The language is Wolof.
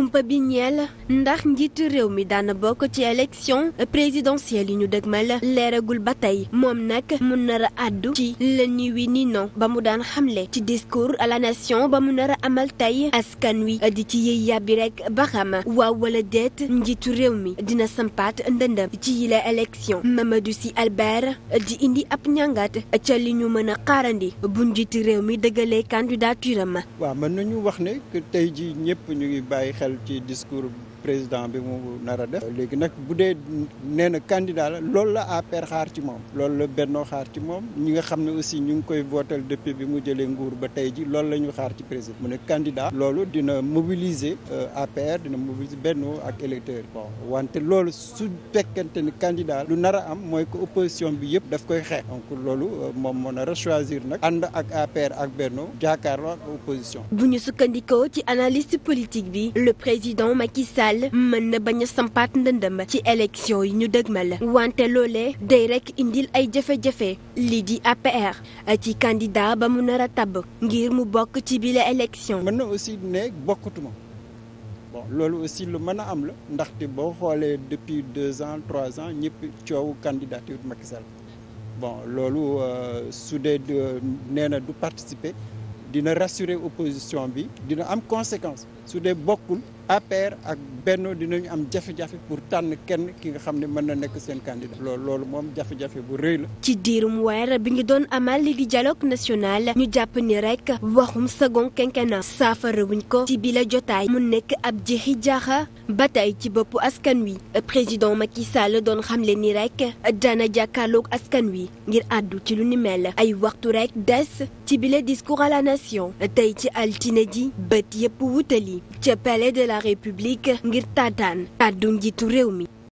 kumpa bi ñeel ndax njiitu réew mi daana bokk ci élection présidentielle yi ñu la leeragul ba tey moom nag mu nar a àddu ci la ni wi ni non ba mu daan xamle ci discours à la nation ba mu nar a amal tey askan wi di ci yëy yàbbi rek ba xam waaw wala déet njiitu réew mi dina sampaat ndëndëm ci yile élection Mamadou Sy Albert di indi ab ñàngat ca li ñu mën a xaarandi bu njiitu réew mi dëggalee candidature am. waaw mën nañu wax ne tey ji ñëpp ñu ngi ci discours président bi mu nar def. léegi nag bu dee nee na candidat la loolu la APR xaar ci moom. loolu la Bennoo xaar ci moom ñi nga xam ne aussi ñu ngi koy votal depuis bi mu jëlee nguur ba tey ji loolu la ñu xaar ci président mu ne candidat. loolu dina mobiliser euh, APR dina mobilise Bennoo ak électeur bon wante loolu su fekkente ni candidat lu nar am mooy ko opposition bi yëpp daf koy xeex. donc loolu euh, moom moo nar a choisir nag ànd ak APR ak Bennoo jàkkaarloo ak opposition. bu ñu sukkandikoo ci analyste politique bi le président Macky Sall mën na bañ a sampaat ndëndëm ci élection yi ñu dëgmal wante loolee day rek indil ay jafe-jafe lii di APR ci candidat ba mu nar a ngir mu bokk ci bile élection. mën na aussi ne bokkatuma loolu aussi lu mën a am la ndaxte boo xoolee depuis deux ans trois ans ñëpp coowu candidature Macky Sall bon loolu euh, su dee nee na du participer dina rassurer opposition bi dina am conséquence. su dee bokkul APR ak Benno dinañu am jafe-jafe pour tànn kenn ki nga xam ne mën na nekk seen candidat loolu loolu moom jafe-jafe bu rëy la. ci diirum weer bi nga doon amal li di dialogue national ñu jàpp ni rek waxum sagon quinquennat saafara wuñ ko ci bi jotaay mu nekk ab jeexi jaaxa ba tey ci boppu askan wi président Macky Sall doon xamle ni rek dana jàkkaarloog askan wi ngir àddu ci lu ni mel ay waxtu rek des ci bile discours à la nation tey ci altine ji bët yëpp wutali. ca palais de la république ngir taataan kàddu njiitu réew mi